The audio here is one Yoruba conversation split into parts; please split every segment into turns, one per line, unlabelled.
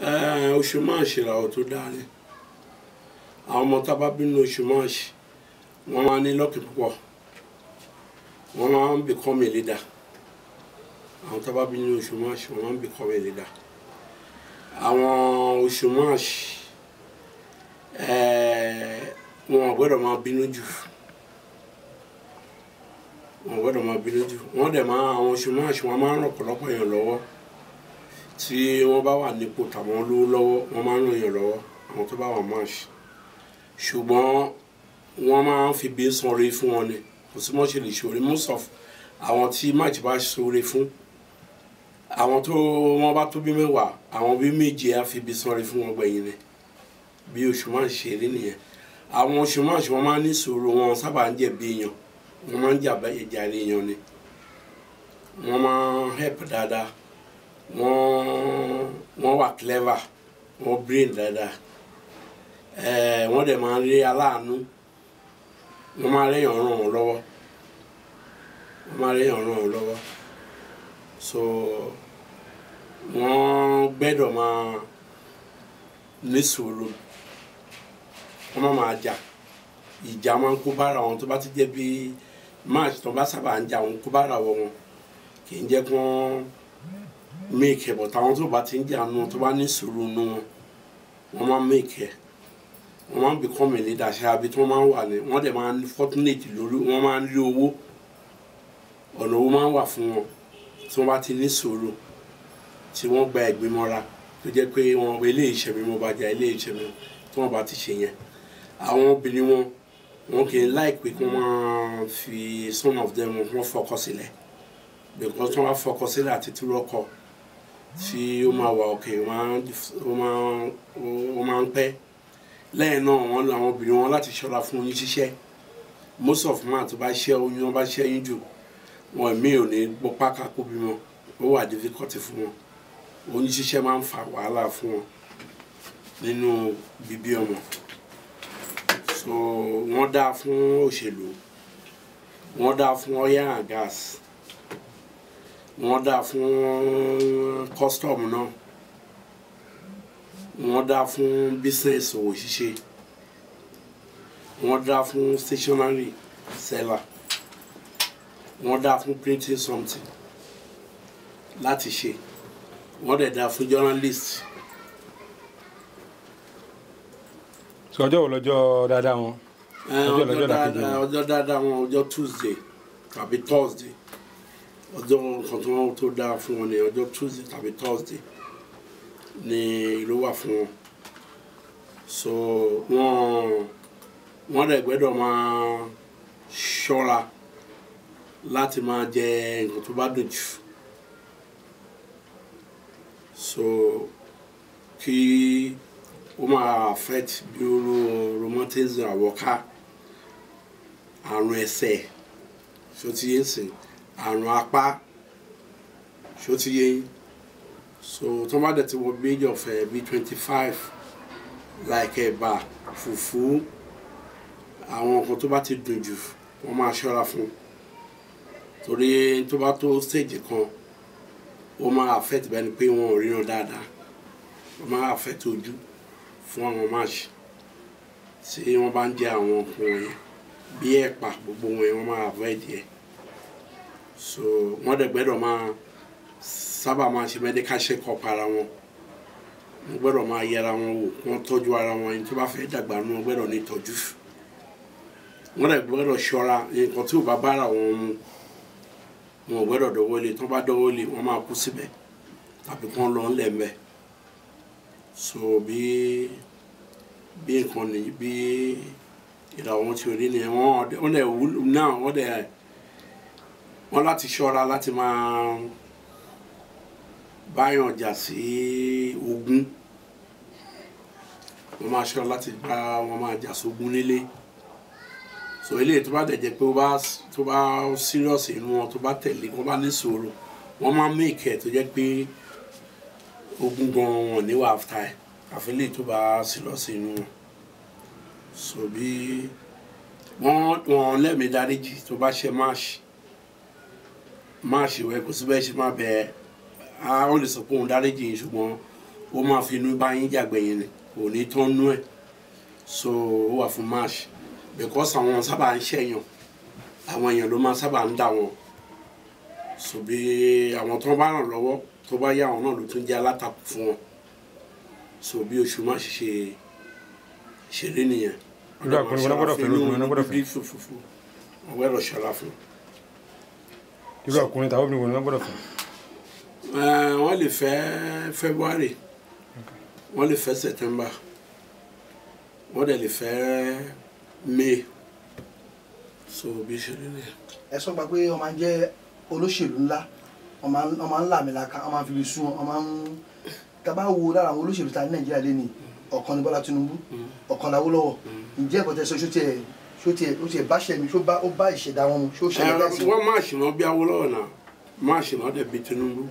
oṣù máàṣì làwọn tó dálẹ̀ àwọn ọmọ tá a bá bínú oṣù máàṣì wọ́n máa ní lọ́kì púpọ̀ wọ́n máa ń become a leader àwọn tá a bá bínú oṣù máàṣì wọ́n máa ń become a leader àwọn oṣù máàṣì wọn ò máa bínú jù wọn ò máa bínú jù wọ́n dẹ̀ máa àwọn oṣù máàṣì wọ́n máa ń ràn èèyàn lọ́wọ́ tí wọ́n bá wà nípò tàwọn olówó lọ́wọ́ wọ́n máa ń ràn yàn lọ́wọ́ àwọn tó bá wà march ṣùgbọ́n wọ́n máa ń fi bí sanre fún wọn ni kò sí mọ́ ṣe lè ṣòre most of àwọn tí march bá ṣòre fún àwọn tó wọ́n bá tó bí mẹ́wàá àwọn bí méje á fi bí sanre fún wọn gbẹ̀yìn ni bí oṣù march ṣe rí nìyẹn àwọn oṣù march wọ́n máa ń ní ìṣòro wọn sábà ń jẹ̀bi èèyàn wọ́n máa ń jà ẹ̀jà èèyàn ni wọ́n máa ń help dáadáa wọ́n wọ́n wà clever wọ́n brain dáadáa
ẹ̀ẹ́ eh, wọ́n dẹ̀
máa ń rí aláàánú wọ́n máa réyàn ràn wọ́n lọ́wọ́ wọ́n máa réyàn ràn wọ́n lọ́wọ́ so wọ́n gbẹ́dọ̀ máa ní sùúrù wọ́n máa máa jà ìjà máa ń kó bára wọn tó bá ti jẹ́ bí match tó bá sábà ń jà wọn kó bára wọn kì í jẹ́ kí wọ́n. méèkì bọ̀ táwọn tó bá ti ń jà nù tó bá ní sùúrù nù wọn máa méèkì wọn máa become a leader ṣe àbí tí wọn máa wà ní wọn dẹ̀ máa fortunate lórí wọn máa ń lé owó ọ̀nà owó máa ń wà fún wọn tí wọn bá ti ní sùúrù tí wọn gba ìgbìmọ̀ra tó jẹ́ pé wọn eléyìí ṣe mi mo bá jà eléyìí ṣe mi tí wọn bá ti ṣe yẹn àwọn obìnrin wọn wọn kì í láìpé kí wọn máa fi some of them wọn fọkọ sílẹ̀ because wọn bá fọkọ sílẹ̀ àti túrọkọ tí ó máa wà òkè ó máa ń pẹ́ lẹ́yìn náà wọ́n lo àwọn obìnrin wọn láti ṣọ́ra fún oyún ṣíṣẹ́ most of man tó bá ṣẹ́ oyún wọn bá ṣẹ́ oyún jù wọn èmi ò ní gbọ́ pákà kó bímọ ó wà difficult fún wọn oyún ṣíṣẹ́ máa ń fa wàhálà fún wọn nínú bíbí ọmọ so wọ́n dá fún òṣèlú wọ́n dá fún oil and gas wọ́n dá fún kọ́sítọ́ọ̀mù náà wọ́n dá fún bísíǹsì òwò ṣíṣe wọ́n dá fún stationary seller wọ́n dá fún printing something láti ṣe wọ́n dẹ̀ dá fún journalist. sọ ọjọ́ wo lọ́jọ́ dáadáa wọn. ọjọ́ dáadáa wọn ọjọ́ Tuesday tàbí Thursday ọjọ́ kan tó tó dáa fún wọn ní ọjọ́ tuesday tàbí thursday ni ló wà fún wọn so wọn wọn dẹ̀ gbẹ́dọ̀ máa ṣọ́ra láti máa jẹ nǹkan tó bá dùn jù so kí ó máa affect bí oró rheumatism àwọ̀ká àrùn ẹsẹ̀ tí ó ti yé sìn àrùn apá ṣó ti yé yín so tó má dẹ̀ ti wọ méjì ọ̀fẹ́ eh, bíi twenty five láìka ẹ̀bà eh, fùfú àwọn nǹkan tó bá ti dùn jù wọ́n máa ṣọ́ra fún torí tó bá tó stage kan ó máa affect bẹ́ni pé wọn ò ríran dáadáa ó máa affect ojú fún àwọn máàṣì tí wọ́n bá ń jẹ àwọn nǹkan wọ̀nyẹn ẹ̀pà gbogbo wọn wọ́n máa avoid yẹn so wọ́n dẹ̀ gbẹ́dọ̀ máa sábà máa ṣe medical check up ara wọn wọ́n gbẹ́dọ̀ máa yẹra wọn wò wọ́n tọ́jú ara wọn ẹni tó bá fẹ́ dàgbà nù wọ́n gbẹ́dọ̀ ní tọ́jú wọ́n dẹ̀ gbẹ́dọ̀ ṣọ́ra nǹkan tí ò bá bára wọn mu wọn ò gbẹ́dọ̀ dọ́wọ́ lé tó bá dọ́wọ́ lé wọ́n máa kú síbẹ̀ tàbí kán lọ ńlẹ̀ mẹ́ so bí bí nǹkan nìyí bí ìlà wọn ti rí nìyẹn wọ́n dẹ̀ wúlò náà wọ́n dẹ̀ wọ́n láti ṣọ́ra láti máa báyàn jà sí ogun wọ́n máa ṣọ́ra láti bá wọn máa jà sógun nílé so eléyìí tó bá dẹ̀ jẹ́ pé tó bá serious inú wọn tó bá tẹ̀lé wọn bá ní sọ̀rọ̀ wọ́n máa make ẹ̀ tó jẹ́ pé ogun gan wọn ní wàá ta ẹ̀ àfi eléyìí tó bá serious inú wọn so bí wọ́n lẹ́mìí dáríjì tó bá ṣe máa ṣe máa ṣèwẹ kò sí ṣe máa bẹ a lè sọ pé òun dáríjì yín ṣùgbọ́n ó máa fi inú bá yín jàgbẹ́ yẹn ni kò tán nú ẹ̀ so ó wà fún march because àwọn sábà ń ṣẹ̀yàn àwọn èèyàn ló máa sábà ń dà wọ́n so bí àwọn tó bá ràn lọ́wọ́ tó bá yá àwọn náà ló tún jẹ́ alátakò fún wọn so bí oṣù march ṣe ṣeré nìyẹn
ọdọ àwọn sábà fi inú bíbí
fòfòfò ọwọ́ ẹ̀rọ ṣọlá fún irú ọkùnrin tàbí obìnrin wo ni wọ́n gbọ́dọ̀ fẹ́. wọ́n lè fẹ́ February wọ́n lè fẹ́ September wọ́n dẹ̀ lè fẹ́ May so bí ṣe rí nìyẹn. ẹ sọ gba pé ọmọ jẹ́ olóṣèlú ńlá ọmọ ńlá mi la kan ọmọ àfihàn sún ọmọ ń tàbá wo lára àwọn olóṣèlú ta ní Nàìjíríà lé ní ọ̀kan ní Bọ́lá Tinubu mm. ọ̀kan làwọ́ mm. ǹjẹ́ ẹ̀kọ́ tẹ sọ́jú tiẹ̀ ṣó tiẹ̀ ó tiẹ̀ bá ṣe mi ṣó bá ó bá ìṣẹ̀dá wọn mu ṣó ṣẹlẹ̀ lẹ́sìn. wọ́n máa ṣìnà bí Awólọ́wọ̀ náà máa ṣìnà dẹ̀ bí Tinubu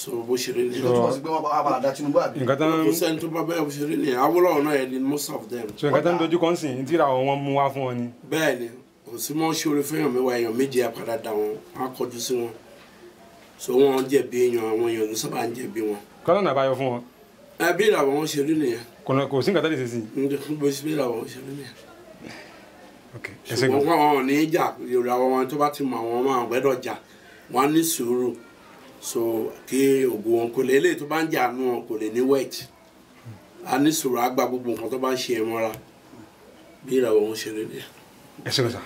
so bó ṣe rí nìyẹn. ìjọba ti gbé wọn bá padà Tinubu àbí. nǹkan tán kò sẹ́ni tó bá bẹ́ẹ̀ bó ṣe rí nìyẹn Awólọ́wọ̀ náà yẹn ni most of them. so nǹkan tán dojú kan sìn ní tíra wọn mú wá fún wọn ni. bẹ́ẹ̀ni kò sí mọ́ ṣòro fẹ́yàn mẹ́wàá èèyàn méje apàdà dà wọn á kọjú sí wọn so wọn jẹ̀bi èèyàn àwọn èèyàn ní sábà ń jẹ̀bi wọn. kọ́lọ́ náà bá yọ fún wọn. ẹbí làwọn ṣe rí nìyẹn. kò sí nǹkan ṣùgbọ́n wọn ò ní jà yorùbá wọn tó bá ti mọ àwọn ọmọ àwọn gbẹ́dọ̀ jà wọn ní sùúrù so kí ògùn wọn kò lè eléyìí tó bá ń jà nù wọn kò lè ní wet a ní sùúrù àgbà gbogbo nǹkan tó bá ń ṣe é mọ́ra bí ìràwọ̀ wọn ṣe lè dé. ẹ ṣe bẹ́ẹ̀ sá.